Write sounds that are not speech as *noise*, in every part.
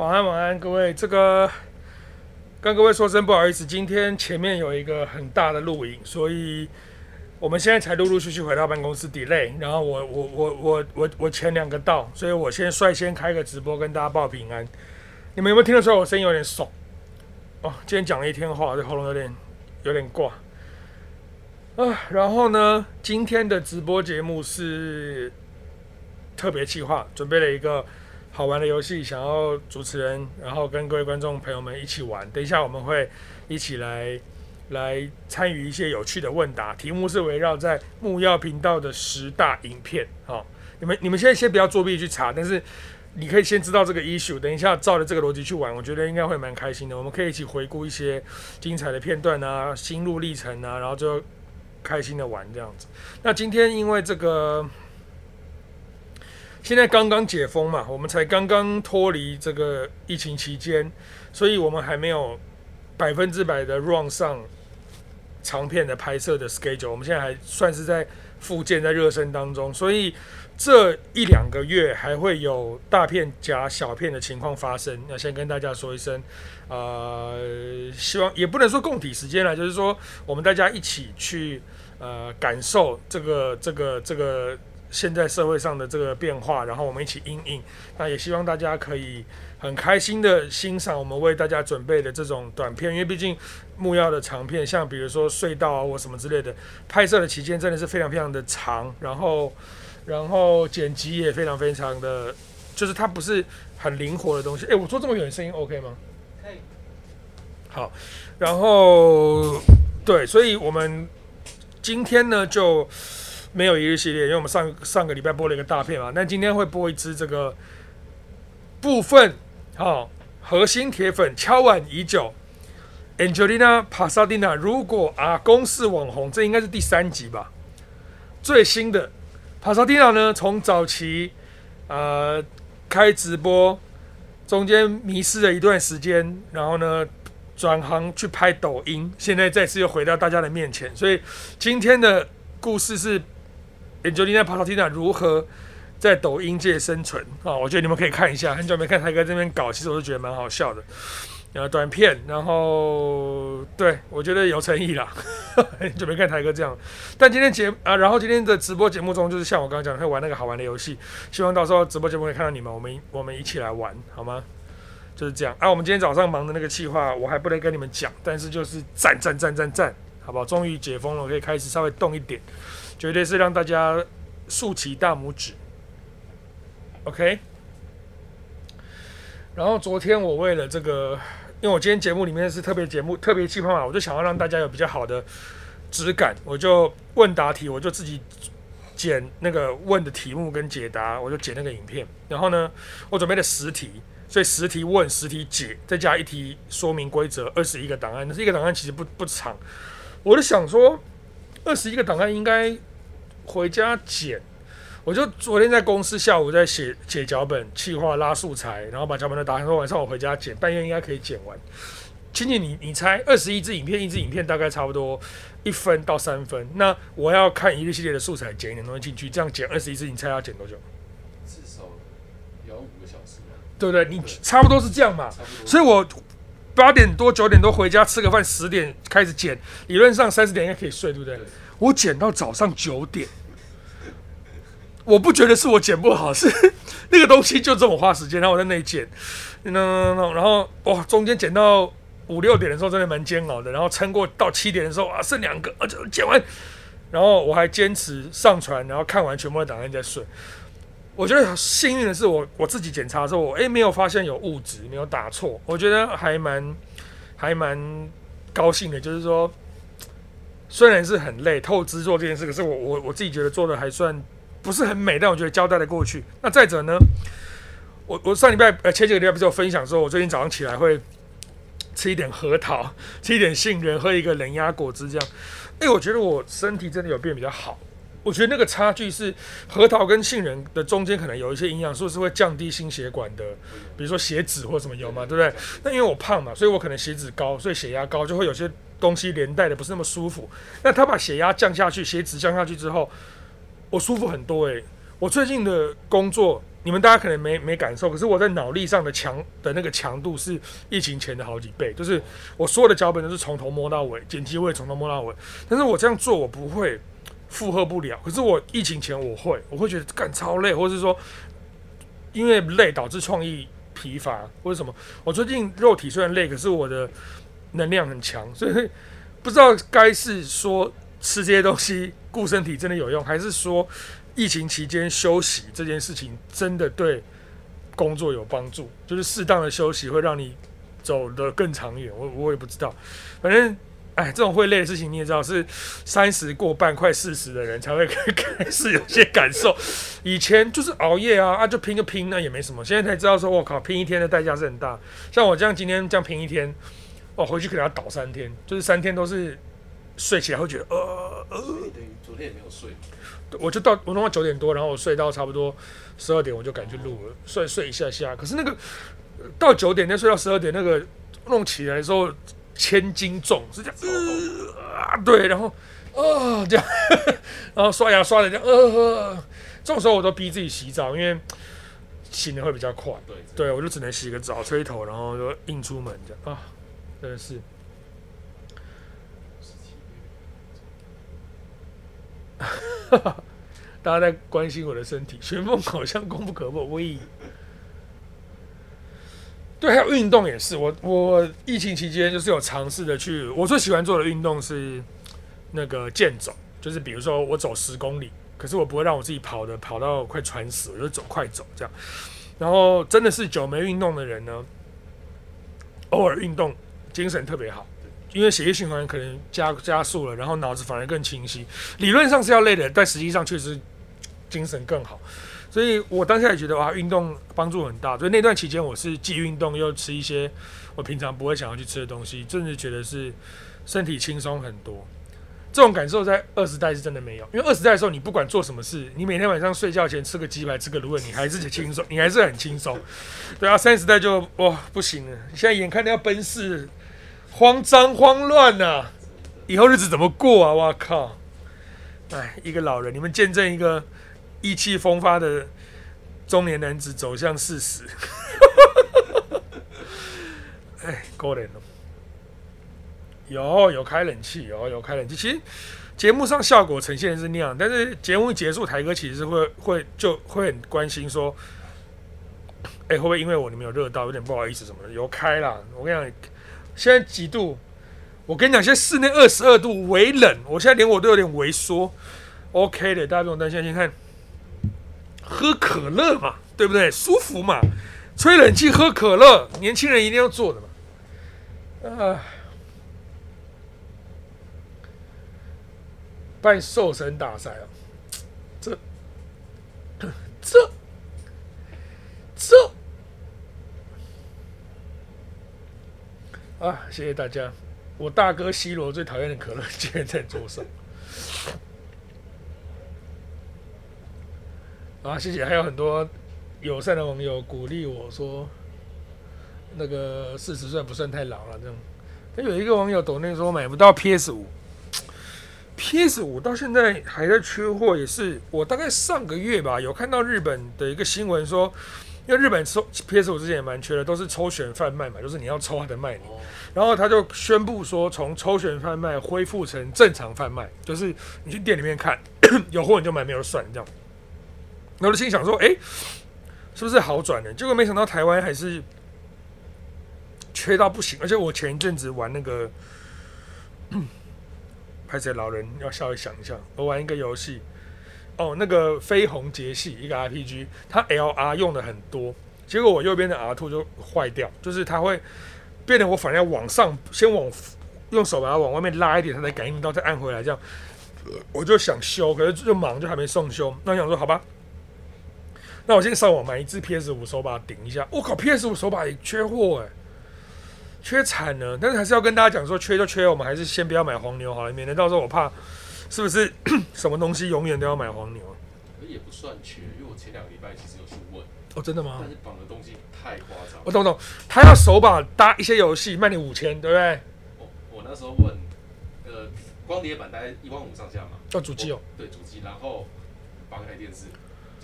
晚安，晚安，各位，這個跟各位說聲不好意思，今天前面有一個很大的錄影，所以我們現在才陸陸續續回到辦公室，delay。然後我我我我我我前兩個到，所以我先率先開個直播跟大家報平安。你們有沒有聽得出來我聲音有點爽哦？今天講了一天話，這喉嚨有點有點掛啊。然後呢，今天的直播節目是特別企劃，準備了一個。好玩的遊戲，想要主持人，然後跟各位觀眾朋友們一起玩。等一下我們會一起來來參與一些有趣的問答，題目是圍繞在木曜頻道的十大影片。好，哦，你們你們現在先不要作弊去查，但是你可以先知道這個 issue。等一下照着這個邏輯去玩，我覺得應該會蠻開心的。我們可以一起回顧一些精彩的片段啊，心路歷程啊，然後就開心的玩這樣子。那今天因為這個。現在剛剛解封嘛，我們才剛剛脫離這個疫情期間，所以我們還沒有百分之百的 run 上長片的拍攝的 schedule，我們現在還算是在復健在熱身當中，所以這一兩個月還會有大片加小片的情況發生。那先跟大家說一聲，呃，希望也不能說共體時間了，就是說我們大家一起去呃感受這個、這個、這個。現在社會上的這個變化，然後我們一起因應。那也希望大家可以很開心的欣賞我們為大家準備的這種短片，因為畢竟木曜的長片，像比如說隧道啊或什麼之類的，拍攝的期間真的是非常非常的長，然後然後剪輯也非常非常的，就是它不是很靈活的東西。哎，我坐這麼遠，聲音 OK 嗎？可以。好，然後對，所以我們今天呢就。沒有一日系列，因為我們上上個禮拜播了一個大片嘛。那今天會播一支這個部分，好、哦、核心鐵粉敲碗已久，Angelina Pasadena。Angel Pas ena, 如果啊，公司網紅，這應該是第三集吧？最新的 Pasadena 呢，從早期啊、呃、開直播，中間迷失了一段時間，然後呢轉行去拍抖音，現在再次又回到大家的面前。所以今天的故事是。研究一下帕薩蒂娜如何在抖音界生存啊！我覺得你們可以看一下，很久沒看台哥這邊搞，其實我就覺得蠻好笑的。然、啊、後短片，然後對，我覺得有誠意啦呵呵，很久沒看台哥這樣。但今天節啊，然後今天的直播節目中，就是像我剛剛講的，會玩那個好玩的遊戲。希望到時候直播節目會看到你們，我們我們一起來玩好嗎？就是這樣啊！我們今天早上忙的那個企劃我還不能跟你們講，但是就是讚讚讚讚讚好不好？終於解封了，我可以開始稍微動一點。絕對是讓大家豎起大拇指，OK。然後昨天我為了這個，因為我今天節目裡面是特別節目，特別氣泡嘛、啊，我就想要讓大家有比較好的質感，我就問答題，我就自己剪那個問的題目跟解答，我就剪那個影片。然後呢，我準備了十題，所以十題問，十題解，再加一題說明規則，二十一個檔案。那是一個檔案其實不不長，我就想說。二十一個檔案應該回家剪，我就昨天在公司下午在寫寫腳本、企劃、拉素材，然後把腳本都打開，想說晚上我回家剪，半夜應該可以剪完。親戚，你你猜二十一支影片，一支影片大概差不多一分到三分。嗯。那我要看一個系列的素材，剪一點東西進去，這樣剪二十一支，你猜要剪多久？至少有五個小時，對不對？對。你差不多是這樣嘛？差不多。所以我。八點多九點多回家吃個飯，十點開始剪。理論上三十點應該可以睡，對不對？對我剪到早上九點， *laughs* 我不覺得是我剪不好，是那個東西就這麼花時間。然後我在那裡剪，弄弄弄，然後哇，中間剪到五六點的時候真的蠻煎熬的。然後撐過到七點的時候啊，剩兩個，而、啊、剪完，然後我還堅持上傳，然後看完全部的檔案再睡。我覺得幸運的是我，我我自己檢查的時候，哎、欸，沒有發現有誤植，沒有打錯。我覺得還蠻還蠻高興的，就是說，雖然是很累、透支做這件事，可是我我我自己覺得做的還算不是很美，但我覺得交代的過去。那再者呢，我我上禮拜呃前幾個禮拜不是有分享說，我最近早上起來會吃一點核桃，吃一點杏仁，喝一個冷壓果汁這樣。哎、欸，我覺得我身體真的有變得比較好。我覺得那個差距是核桃跟杏仁的中間可能有一些營養素是會降低心血管的，比如說血脂或什麼油嘛，嗯、對不對？那、嗯、因為我胖嘛，所以我可能血脂高，所以血壓高，就會有些東西連帶的不是那麼舒服。那他把血壓降下去，血脂降下去之後，我舒服很多、欸。誒。我最近的工作，你們大家可能沒沒感受，可是我在腦力上的強的那個強度是疫情前的好幾倍。就是我所有的腳本都是從頭摸到尾，剪輯我也從頭摸到尾。但是我這樣做，我不會。負荷不了，可是我疫情前我會，我會覺得幹超累，或者是說因為累導致創意疲乏，或者什麼。我最近肉體雖然累，可是我的能量很強，所以不知道該是說吃這些東西顧身體真的有用，還是說疫情期間休息這件事情真的對工作有幫助？就是適當的休息會讓你走得更長遠。我我也不知道，反正。哎，這種會累的事情你也知道，是三十過半、快四十的人才會開始有些感受。 *laughs* 以前就是熬夜啊，啊，就拼個拼、啊，那也沒什麼。現在才知道說，我靠，拼一天的代價是很大。像我這樣今天這樣拼一天，哦，回去給他倒三天，就是三天都是睡起來會覺得，呃呃，對對對。昨天也沒有睡。我就到我弄到九點多，然後我睡到差不多十二點，我就趕去錄了，嗯、睡睡一下下。可是那個、呃、到九點再睡到十二點，那個弄起來的時候。千斤重是這樣，啊痛、呃，對，然後，啊、呃，這樣呵呵，然後刷牙刷的這樣，呃，這種時候我都逼自己洗澡，因為醒的會比較快，對，對我就只能洗個澡、吹頭，然後就硬出門這樣啊，真的是， *laughs* 大家在關心我的身體，旋風好像功不可沒。對，還有運動也是。我我疫情期間就是有嘗試的去，我最喜歡做的運動是那個健走，就是比如說我走十公里，可是我不會讓我自己跑的，跑到快喘死，我就走快走這樣。然後真的是久沒運動的人呢，偶爾運動精神特別好，因為血液循環可能加加速了，然後腦子反而更清晰。理論上是要累的，但實際上確實精神更好。所以我當下也覺得哇，運動幫助很大。所以那段期間，我是既運動又吃一些我平常不會想要去吃的東西，甚至覺得是身體輕鬆很多。這種感受在二十代是真的沒有，因為二十代的時候，你不管做什麼事，你每天晚上睡覺前吃個雞排、吃個滷味，你還是輕鬆，你還是很輕鬆。 *laughs* 對啊，三十代就哇不行了，你現在眼看要奔四，慌張慌亂吶、啊，以後日子怎麼過啊？哇靠！哎，一個老人，你們見證一個。意氣風發的中年男子走向事實。 *laughs* 哎、喔，夠了。有有開冷氣，有有開冷氣。其實節目上效果呈現是那樣，但是節目一結束，台哥其實會會就會很關心說：“哎、欸，會不會因為我你們有熱到，有點不好意思什麼的？”有開了，我跟你講，現在幾度？我跟你講，現在室內二十二度，微冷。我現在連我都有點萎縮。OK 的，大家不用擔心。先看。喝可樂嘛，對不對？舒服嘛，吹冷氣喝可樂，年輕人一定要做的嘛。啊，辦瘦身大賽啊，這，這，這，啊！謝謝大家，我大哥 C 羅最討厭的可樂竟然在桌上。 *laughs* 啊，謝謝！還有很多友善的網友鼓勵我說，那個四十歲不算太老了。這樣，那有一個網友抖內說買不到 PS 五，PS 五到現在還在缺貨。也是我大概上個月吧，有看到日本的一個新聞說，因為日本抽 PS 五之前也蠻缺的，都是抽選販賣嘛，就是你要抽還得賣。然後他就宣布說，從抽選販賣恢復成正常販賣，就是你去店裡面看 *coughs* 有貨你就買，沒有算這樣。我就心想說：“哎、欸，是不是好轉呢？”結果沒想到台灣還是缺到不行，而且我前一陣子玩那個拍、嗯、謝老人，要稍微想一下，我玩一個遊戲，哦，那個《飛鴻杰系》一個 RPG，它 LR 用的很多，結果我右邊的 R2 就壞掉，就是它會變得我反而要往上，先往用手把它往外面拉一點，它才感應到，再按回來，這樣我就想修，可是就忙，就還沒送修。那我想說，好吧。那我先上網買一支 PS 五手把頂一下，我靠，PS 五手把也缺貨哎、欸，缺慘了。但是還是要跟大家講說，缺就缺，我們還是先不要買黃牛好了，免得到時候我怕是不是什麼東西永遠都要買黃牛、啊？也不算缺，因為我前兩個禮拜其實有去問。哦，真的嗎？但是綁的東西太誇張。我、哦、懂懂，他要手把搭一些遊戲賣你五千，對不對？我我那時候問，呃，光碟版大概一萬五上下嘛。要、哦、主機哦。對，主機，然後綁台電視。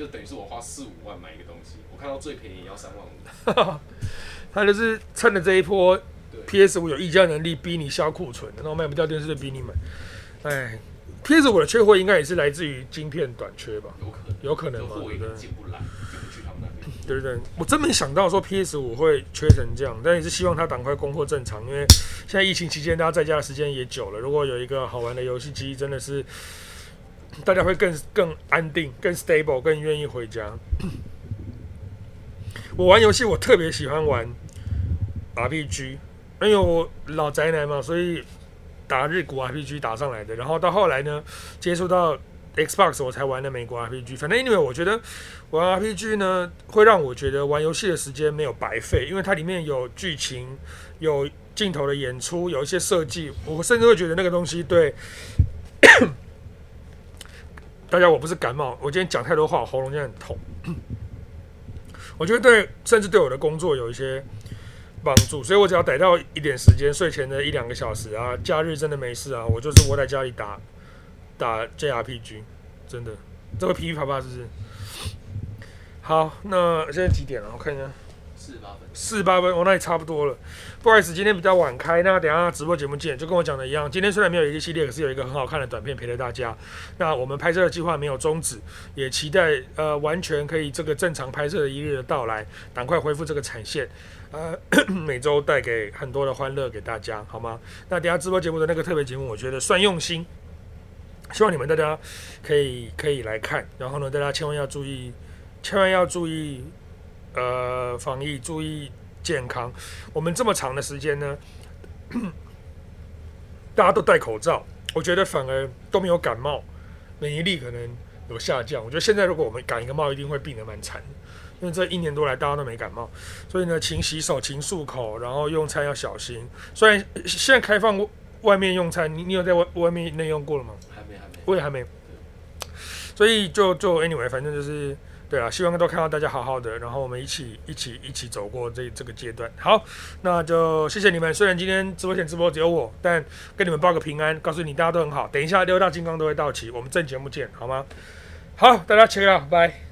就等於是我花四五萬買一個東西，我看到最便宜也要三萬五。 *laughs* 他就是趁着這一波，PS 五有溢價能力，逼你銷庫存，然後賣不掉電視就逼你買。哎，PS 五的缺貨應該也是來自於晶片短缺吧？有可能，有可能嘛？對不對？我真沒想到說 PS 五會缺成這樣，但也是希望它趕快供貨正常，因為現在疫情期間大家在家的時間也久了，如果有一個好玩的遊戲機，真的是。大家會更更安定、更 stable、更願意回家。 *coughs* 我玩遊戲，我特別喜歡玩 RPG。因為我老宅男嘛，所以打日古 RPG 打上來的。然後到後來呢，接觸到 Xbox，我才玩的美國 RPG。反正因為我覺得玩 RPG 呢，會讓我覺得玩遊戲的時間沒有白費，因為它裡面有劇情、有鏡頭的演出、有一些設計。我甚至會覺得那個東西對。 *coughs* 大家，我不是感冒，我今天講太多話，喉嚨就很痛。 *coughs* 我覺得對，甚至對我的工作有一些幫助，所以我只要逮到一點時間，睡前的一兩個小時啊，假日真的沒事啊，我就是窩在家裡打打 JRPG，真的，這個噼噼啪啪是不是？好，那現在幾點了？我看一下。四八分，四八分，我那裡差不多了。不好意思，今天比較晚開，那等下直播節目見，就跟我講的一樣。今天雖然沒有一個系列，可是有一個很好看的短片陪着大家。那我們拍攝的計劃沒有終止，也期待呃完全可以這個正常拍攝的一日的到來，趕快恢復這個產線，呃，咳咳每週帶給很多的歡樂給大家，好嗎？那等下直播節目的那個特別節目，我覺得算用心，希望你們大家可以可以來看。然後呢，大家千萬要注意，千萬要注意。呃，防疫注意健康。我們這麼長的時間呢，大家都戴口罩，我覺得反而都沒有感冒，免疫力可能有下降。我覺得現在如果我們感一個冒，一定會病得蠻慘。因為這一年多來，大家都沒感冒，所以呢，勤洗手，勤漱口，然後用餐要小心。雖然現在開放外面用餐，你你有在外外面內用過了嗎？還沒，還沒，我也還沒。對所以就就 anyway，反正就是。對啊，希望都看到大家好好的，然後我們一起、一起、一起走過這這個階段。好，那就謝謝你們。雖然今天直播前直播只有我，但給你們報個平安，告訴你大家都很好。等一下六大金剛都會到齊，我們正節目見，好嗎？好，大家切掉，拜。